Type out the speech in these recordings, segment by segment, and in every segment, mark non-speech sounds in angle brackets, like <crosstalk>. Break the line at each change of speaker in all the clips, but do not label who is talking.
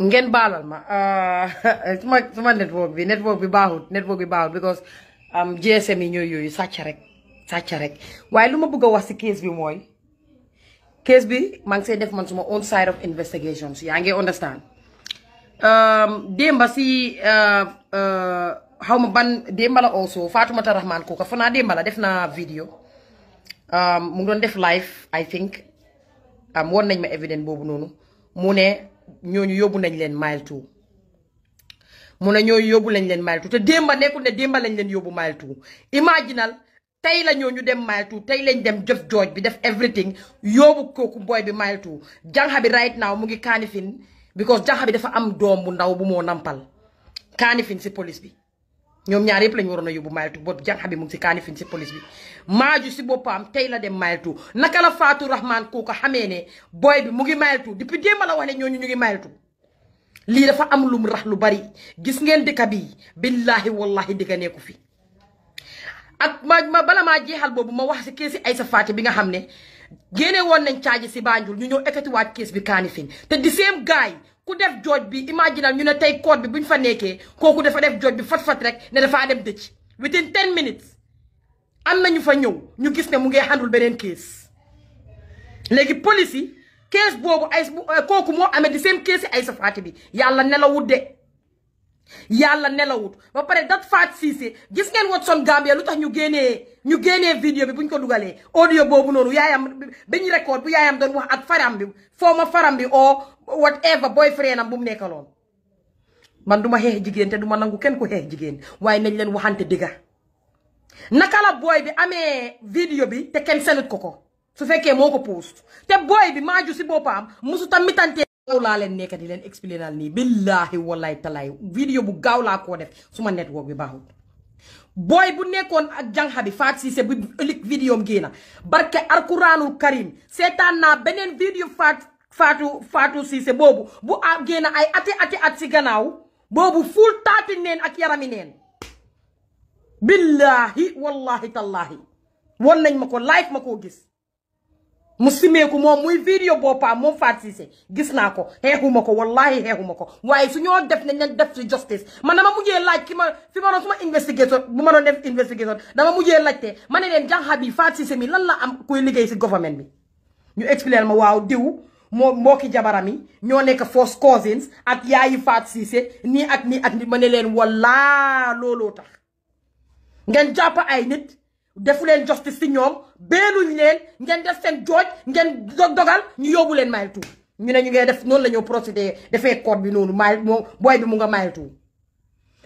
ngeen baalal ma ah, <laughs> suma suma network bi network bi baaxut network bi baaxut because GSM yi ñooy yooyu sàcc rek sàcc rek waaye lu ma bëgg a wax si case bi mooy case bi maa ngi see def man suma own side of investigations yaa ngi understand um, démba si uh, uh, xaw ma ban démba la also Fatoumata Rahman kooka fa naa démba la def naa vidéo um, mu ngi doon def live I think am um, woon nañ ma évident boobu noonu mu ne ñooñu yóbbu nañ leen mile two mu ne ñooñu yóbbu lañ leen mile two te démba nekkul ne démba lañ leen yóbbu mile two imaginal tey la ñooñu dem mile two tey lañ dem jëf jooj bi def everything yóbbu kooku boy bi mile two janxa bi right now mu ngi kaanifin because janxa bi dafa am doom bu ndaw bu moo nampal kaanifin si police bi ñoom ñaar yëpp la ñu waroon a yóbbu Mile 2 boobu jànq bi mu ngi si kaanifin si police bi maaju si boppam tey la dem Mile 2 naka la Fatou Rahman kooku xamee ne booy bi mu ngi Mile 2 depuis démb la wax ne ñooñu ñu ngi Mile 2 lii dafa am lum rax lu bari gis ngeen di ka bi billahi di ka nekku fi ak ma ma bala maa jeexal boobu ma wax si keesi Aïssa Faty bi nga xam ne génne woon nañ caaji si Banjul ñu ñëw ekkatiwaat kees bi kaanifin te di same gaay ku def jooj bi imaginal ñu ne tey code bi bu ñu fa nekkee kooku dafa def jooj bi fat fat rek ne dafaa dem dëcc within ten minutes am na ñu fa ñëw ñu gis ne mu ngi handul beneen case léegi police yi case boobu ay euh, kooku moo amee di seen case yi ay sa faati bi yàlla nelawut de yàlla nelawut ba pare dat faat siise gis ngeen Watson Gambia lu tax ñu génnee ñu génnee vidéo bi bu ñu ko dugalee audio boobu noonu yaayam bi ñu record bu yaayam doon wax ak faram bi fooma faram bi oo oh, whatever boyfriend am bu mu nekkaloon man duma hex jigen te duma nangou ken ko hex jigen way nañ len waxante diga naka la bi amé vidéo bi te ken salut koko su fekke moko post te boy bi maaju si bopam musu tam mitantee gaaw la len nekk di len expliquer ni billahi wallahi talaay vidéo bu gaw la ko def suma network bi baaxul boy bu nekkone ak jangha bi faat siise bu elik vidéo am génna barke karim setan na video video Fatou Fatou Cissé boobu bu am génn ay ati ati at si gannaaw boobu ful taati neen ak yarami neen billaahi wallahi tallaahi won nañ ma ko live ma koo gis mu simeeku moom muy vidéo boppam moom Fatou Cissé gis naa ko xeexuma ko wallahi xeexuma ko waaye su ñoo def nañ leen def si justice man ma mujjee laaj ki ma fi ma doon su ma investigation bu ma doon def investigation dama mujjee laajte ma ne leen jànxa bi faat Cissé mi lan la am kuy liggéey si government bi ñu expliqué ma waaw diw moo mbokki jabaram yi ñoo nekk force cousins ak yaayi faat siise nii ak nii at nii ma ne leen wallaa looloo tax ngeen jàpp ay nit defu leen justice si ñoom ñu leen ngeen def seen jooj ngeen dogal ñu yóbbu leen mile two ñu ne ñu ngee def noonu lañu ñoo defee code bi noonu mile moom booy bi mu nga mile two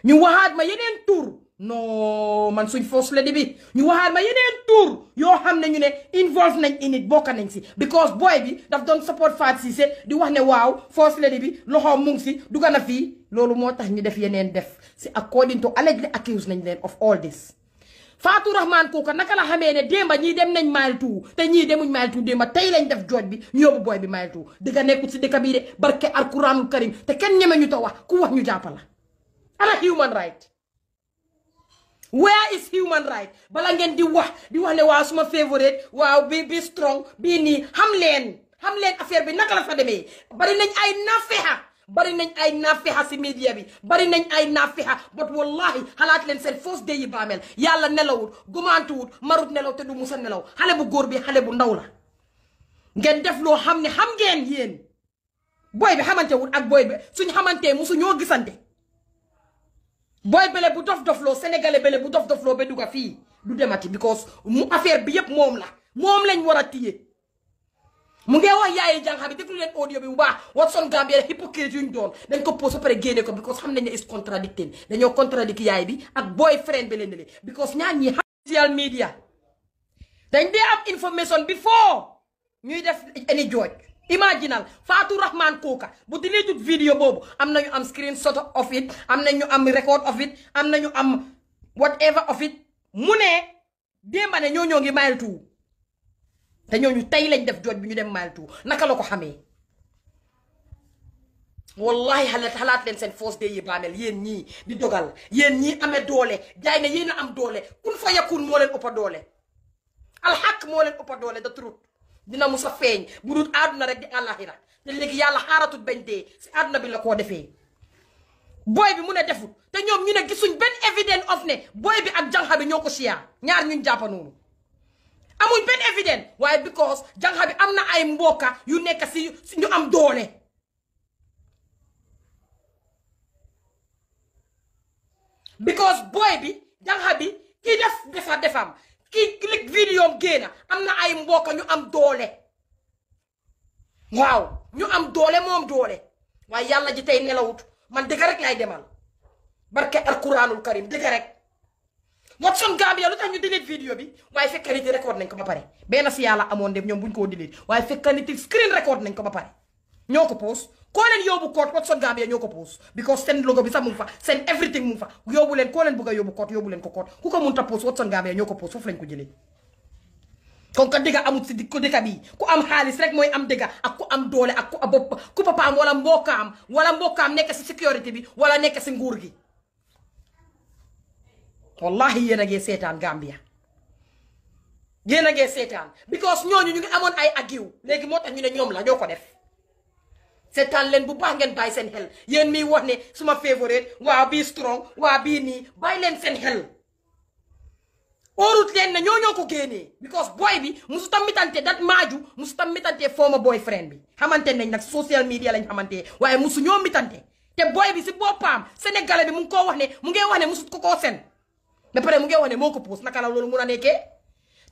ñu waxaat ma yeneen tur non man suñ force la di bi ñu waxaat ma yeneen tour yoo xam ne ñu ne involve nañ in it bokk nañ si because boy bi daf doon support si Ceesay di wax ne waaw force la bi loxo mu ngi si dugg na fii loolu moo tax ñu def yeneen def si according to allegedly accuse nañ leen of all this. Fatou Rahman kooka naka la xamee ne démba ñii dem nañ mile two te ñii demuñ mile two démba tey lañ def jooj bi ñu yóbbu boy bi mile two dëgg nekkul si dëkk bii de barke alquranul karim te kenn ñeme ñu ta wax ku wax ñu jàppala ana human right. where is human right bala ngeen di wax di wax ne waaw suma favorite waaw be be strong be ni hamlen, hamlen xam leen affaire bi naka la fa demee bari nañ ay nafexa bari nañ ay nafexa si media bi bari nañ ay nafexa but wallahi xalaat leen seen first day yi baameel yàlla nelawut gumaantuwut marut nelaw te du musa nelaw xale bu góor bi xale bu ndaw la ngeen def loo xam ne xam ngeen yéen booy bi xamante wut ak booy bi suñ xamantee musu ñoo gisante Boy bele bu dof lo sénégalais bele bu dof lo be dugg fi du demati because mu affaire bi yep mom la mom lañ wara tiyé mu ngey wax yaay jangha bi lu len audio bi bu baax Watson gambier hypocrite yuñ doon dañ ko pose après génne ko because xam nañ is contradicté dañu contradict yaay bi ak boy friend bi len ne because ñaan ñi social media dañ dé am information before ñuy def any jooj imaginal Fatou Rahman Kouka bu di jut boobu am nañu am screenshot of it am na ñu am record of it am ñu am whatever of it mu ne démba ne ñoo ñoo ngi mile two te ñooñu tey lañ def jooj bi ñu dem mile two naka la ko xamee wallahi xalaat xalaat leen seen force de yi baamel yéen ñii di dogal yéen ñii amee doole jaay ne yéen am doole kun fa yakun moo leen ëppa doole alxaq moo leen ëppa doole da turut dina mu sa feeñ bu dul àdduna rek di àllaaxira te léegi yàlla xaaratul beñ dee si àdduna bi la koo defee booy bi mu ne deful te ñoom ñu ne suñ benn evidence of ne booy bi ak janxa bi ñoo ko siyaa ñaar ñu jàppa noonu amuñ benn evidence waaye because janxa bi am na ay mbokka yu nekk si ñu am doole because booy bi janxa bi kii def defa génn amna ay mbokk ñu am doole waw ñu am doole mom doole way yalla ji tay nelawut man dëgg rek lay demal barke alquranul karim dëgg rek son Gambia ya, lu ñu delete video bi way fekk nit record nañ ko ba pare ben si yalla amone dem ñom buñ ko delete way fekk nit screen record nañ ko ba pare pose ko len yobu code yóbbu son Gambia ñoko pose because sen logo bi sa mu fa sen everything mu fa yobu len ko len bëgg yobu code yobu len ko code ku ko mun ta post son Gambia ñoo ko post lañ ko jëlee kon ko dëgg amut si ko dëkk bi ku am xaalis rek mooy am dëgg ak ku am doole ak ku bopp ku papaam wala mbokkaam wala mbokkaam nekk si sécurité bi wala nekk si nguur gi wallahi yéen a ngee seetaan Gambia yéen a ngee seetaan because ñooñu ñu ngi amoon ay agiw léegi moo tax ñu ne ñoom la ñoo ko def seetaan leen bu baax ngeen bàyyi seen xel yéen miy wax ne suma favorite waa bii strong waa bii nii bàyyi leen seen óorut leen na ñoo ñoo ko génnee because boy bi musu tam mitante dat maaju musu tam mitante former boyfriend bi xamante nañ nag social media lañ xamante waaye musu ñoo mitante te boy bi si boppam sénégalais bi mun ngi koo wax ne mu ngi wax ne musut ko koo sen ba pare mu ngi wax ne moo ko puus naka la loolu mun a nekkee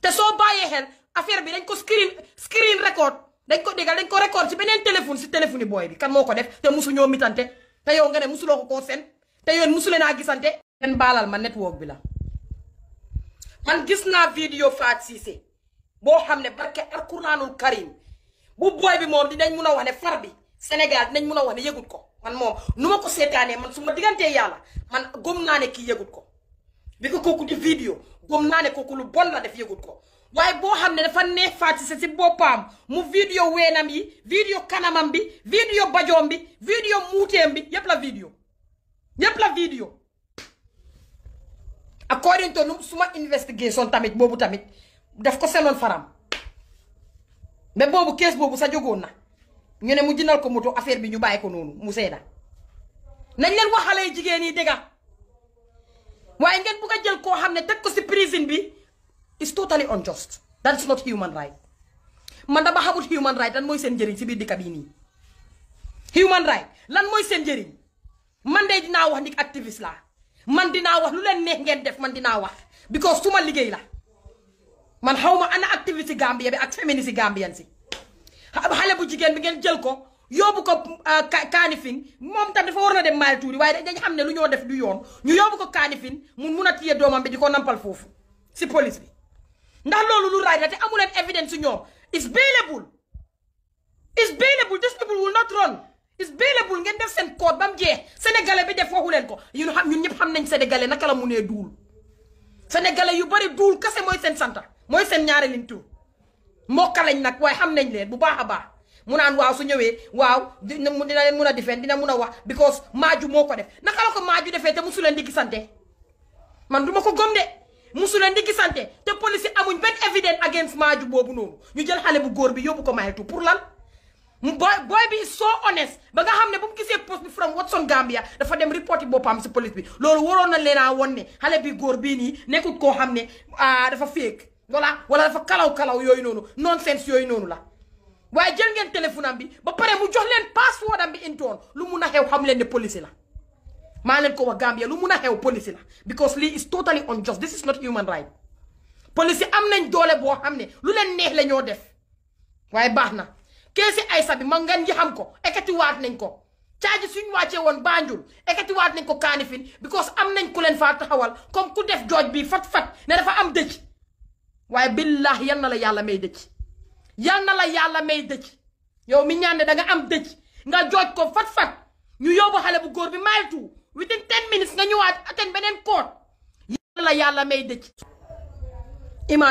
te soo bàyyee xel affaire bi dañ ko screen screen record dañ ko déggal dañ ko record si beneen téléphone si téléphone yi boy bi kan moo ko def te musu ñoo mitante te yow nga ne musuloo ko koo sen te yoon musu leen a gisante. ren baalal ma network bi la. man gis naa vidéo Fatou Cissé boo xam ne barke alquranul karim bu booy bi di dinañ mun a wax ne far bi Sénégal dinañ mun a wax ne yëgut ko man moom nu ma ko seetaanee man su ma diggantee yàlla man gëm naa ne kii yëgut ko bi ko kooku di vidéo gëm naa ne kooku lu bon la def yëgut ko waaye boo xam ne dafa neex Fatou Cissé si boppam mu vidéo weenam yi vidéo kanamam bi vidéo bajoom bi vidéo muuteem bi yëpp la vidéo yëpp la according to nu suma investigation tamit bobu tamit daf ko selon faram mais bobu kees bobu sa jógoon na ñu ne mu jinal ko moto affaire bi ñu bàyyi ko noonu mu seeda nañ leen waxale jigéen yi dégg ngeen bu ko jël ko xamne tek ko si prison bi is totally unjust that is not human right man ba xamul human right lan moy seen njëriñ ci bi di human right lan moy seen njëriñ man day dina wax nik activiste la man dinaa wax lu leen nekk ngeen def man dinaa wax because su ma liggéey la man xaw ma ana activiste Gambia bi ak féministe Gambian si xale bu jigéen bi ngeen jël ko yóbbu ko ah, Kanifing moom tam dafa war na dem maali tuuri waaye dañ xam ne lu ñoo def du yoon ñu yóbbu ko Kanifing mu mun a téye doomam bi di ko nampal foofu si police bi ndax loolu lu raay te amu leen evidence su ñoom it's bailable it's bailable these people will not run is bailable ngeen def seen code ba mu jeex sénégalais bi def waxu leen ko ñun xam ñun ñëpp xam nañ sénégalais naka la mu nee duul sénégalais yu bari duul kase mooy seen santa mooy seen ñaari liñ tur mbokk lañ nag waaye xam nañ leen bu baax a baax mu naan waaw su ñëwee waaw dina leen mun a defee dina mun a wax because maaju moo ko def naka la ko maaju defee te musu leen di gisante man duma ko gom de musu leen di gisante te police amuñ benn evidence against maaju boobu noonu ñu jël xale bu góor bi yóbbu ko pour lan boy boy bi soo honest ba nga xam ne bu mu gisee post bi from Watson Gambia dafa dem reporti boppam si police bi loolu waroon na leen a won ne xale bi góor bi nii nekkul koo xam ne ah, dafa féeg voilà wala dafa kalaw kalaw yooyu noonu nonsense yooyu noonu la. waaye jël ngeen téléphone bi ba pare mu jox leen password am bi intoon lu mun a xew xam leen ne police la maa leen ko wax Gambia lu mun a xew police la because lii is totally unjust this is not human right police am nañ doole boo xam ne lu leen neex la ñoo def waaye baax na. keesi Aysa bi ma ngan ji xam ko waat nañ ko caaji suñ wàccee woon Banjul ekatiwaat nañ ko Kanifing because am nañ ku leen faa taxawal comme ku def jooj bi fat-fat ne dafa am dëj waaye billah yal na la yàlla may dëj yal na la yàlla may dëj yow mi ñaan ne da nga am dëj nga jooj ko fat-fat ñu yóbbu xale bu góor bi mile two within ten minutes nga ñëwaat atten beneen koot yal na la yàlla may dëj